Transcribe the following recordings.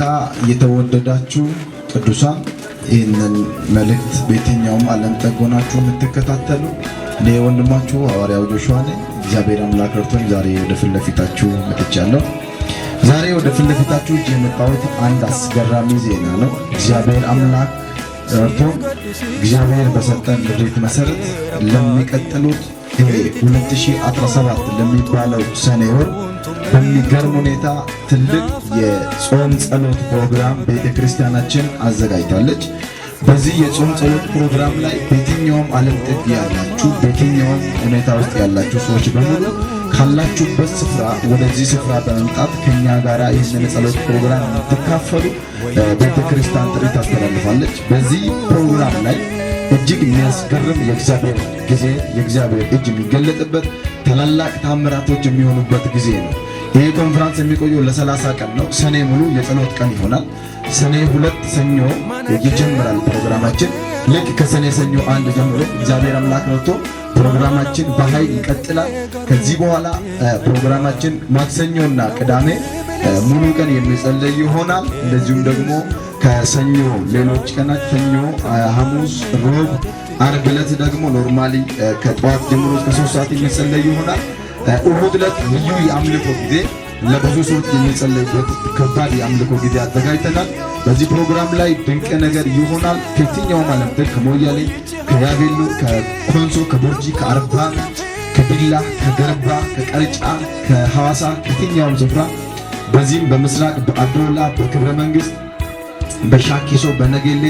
ታ የተወደዳችሁ ቅዱሳን ይህንን መልእክት በየትኛውም ዓለም ጠጎናችሁ የምትከታተሉ እኔ ወንድማችሁ ሐዋርያው ጆሹዋ ነኝ። እግዚአብሔር አምላክ ረድቶኝ ዛሬ ወደ ፊት ለፊታችሁ መጥቻለሁ። ዛሬ ወደ ፊት ለፊታችሁ እጅ የመጣሁት አንድ አስገራሚ ዜና ነው። እግዚአብሔር አምላክ ረድቶኝ እግዚአብሔር በሰጠን ምድሪት መሰረት ለሚቀጥሉት 2017 ለሚባለው ሰኔ ወር በሚገርም ሁኔታ ትልቅ የጾም ጸሎት ፕሮግራም ቤተክርስቲያናችን አዘጋጅታለች። በዚህ የጾም ጸሎት ፕሮግራም ላይ በየትኛውም ዓለም ጥግ ያላችሁ በየትኛውም ሁኔታ ውስጥ ያላችሁ ሰዎች በሙሉ ካላችሁበት ስፍራ ወደዚህ ስፍራ በመምጣት ከኛ ጋር ይህንን ጸሎት ፕሮግራም የምትካፈሉ ቤተክርስቲያን ጥሪ ታስተላልፋለች። በዚህ ፕሮግራም ላይ እጅግ የሚያስገርም የእግዚአብሔር ጊዜ የእግዚአብሔር እጅ የሚገለጥበት ታላላቅ ታምራቶች የሚሆኑበት ጊዜ ነው። ይህ ኮንፈረንስ የሚቆየው ለሰላሳ ቀን ነው። ሰኔ ሙሉ የጸሎት ቀን ይሆናል። ሰኔ ሁለት ሰኞ ይጀምራል ፕሮግራማችን። ልክ ከሰኔ ሰኞ አንድ ጀምሮ እግዚአብሔር አምላክ ረድቶ ፕሮግራማችን በኃይል ይቀጥላል። ከዚህ በኋላ ፕሮግራማችን ማክሰኞና ቅዳሜ ሙሉ ቀን የሚጸለይ ይሆናል። እንደዚሁም ደግሞ ከሰኞ ሌሎች ቀናት ሰኞ፣ ሐሙስ፣ ሮብ ዓርብ ዕለት ደግሞ ኖርማሊ ከጠዋት ጀምሮ እስከ ሶስት ሰዓት የሚጸለይ ይሆናል። እሑድ ዕለት ልዩ የአምልኮ ጊዜ ለብዙ ሰዎች የሚጸለይበት ከባድ የአምልኮ ጊዜ አዘጋጅተናል። በዚህ ፕሮግራም ላይ ድንቅ ነገር ይሆናል። ከየትኛውም ዓለም ከሞያሌ፣ ከያቤሎ፣ ከኮንሶ፣ ከቦርጂ፣ ከአርባ፣ ከቢላ፣ ከገርባ፣ ከቀርጫ፣ ከሐዋሳ ከየትኛውም ስፍራ በዚህም በምስራቅ በአዶላ፣ በክብረ መንግስት፣ በሻኪሶ፣ በነጌሌ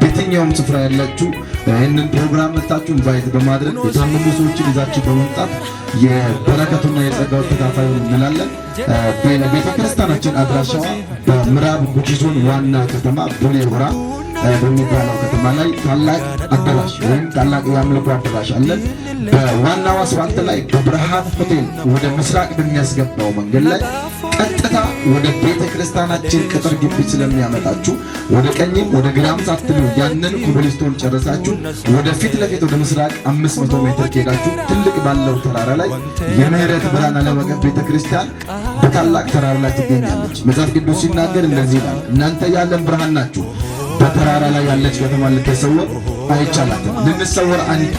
በየትኛውም ስፍራ ያላችሁ ይህንን ፕሮግራም መታችሁ ኢንቫይት በማድረግ የታመሙ ሰዎችን ይዛችሁ በመምጣት የበረከቱና የጸጋው ተካፋይ እንላለን። ቤተክርስቲያናችን አድራሻዋ በምዕራብ ጉጂ ዞን ዋና ከተማ ቡሌ ሆራ በሚባለው ከተማ ላይ ታላቅ አዳራሽ ወይም ታላቅ የአምልኮ አዳራሽ አለን። በዋናው አስፋልት ላይ በብርሃን ሆቴል ወደ ምስራቅ በሚያስገባው መንገድ ላይ ቀጥታ ወደ ቤተ ክርስቲያናችን ቅጥር ግቢ ስለሚያመጣችሁ ወደ ቀኝም ወደ ግራም ሳትሉ ያንን ኮብልስቶን ጨረሳችሁ ወደ ፊት ለፊት ወደ ምስራቅ 500 ሜትር ከሄዳችሁ ትልቅ ባለው ተራራ ላይ የምህረት ብርሃን ዓለም ቤተ ክርስቲያን በታላቅ ተራራ ላይ ትገኛለች። መጽሐፍ ቅዱስ ሲናገር እንደዚህ ይላል፣ እናንተ የዓለም ብርሃን ናችሁ ተራራ ላይ ያለች ከተማ ልትሰወር አይቻላትም። ልንሰወር አንድ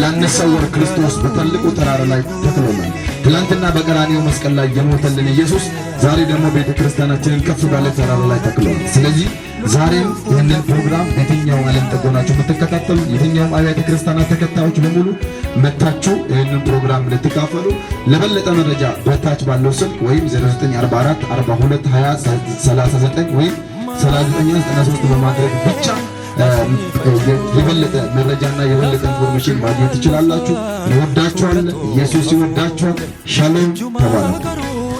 ላንሰወር ክርስቶስ በትልቁ ተራራ ላይ ተክሎናል። ትላንትና በቀራንዮ መስቀል ላይ የሞተልን ኢየሱስ ዛሬ ደግሞ ቤተ ክርስቲያናችንን ከፍ ባለ ተራራ ላይ ተክሎናል። ስለዚህ ዛሬም ይህንን ፕሮግራም የትኛውም ዓለም ጠጎናችሁ የምትከታተሉ የትኛውም አብያተ ክርስቲያናት ተከታዮች በሙሉ መታችሁ ይህንን ፕሮግራም ልትካፈሉ ለበለጠ መረጃ በታች ባለው ስልክ ወይም 0944 42 20 39 ወይም ከ በማድረግ ብቻ የበለጠ መረጃና የበለጠ ኢንፎርሜሽን ማግኘት ትችላላችሁ። ይወዳችኋል። ኢየሱስ ይወዳችኋል። ሻሎም ተባረኩ።